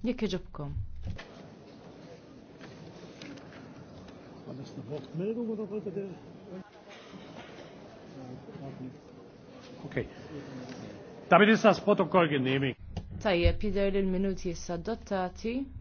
Jekk iġobkom. Okay. Damit ist das Protokoll genehmigt. Tajjeb, jidher pider l-minuti issa dottati.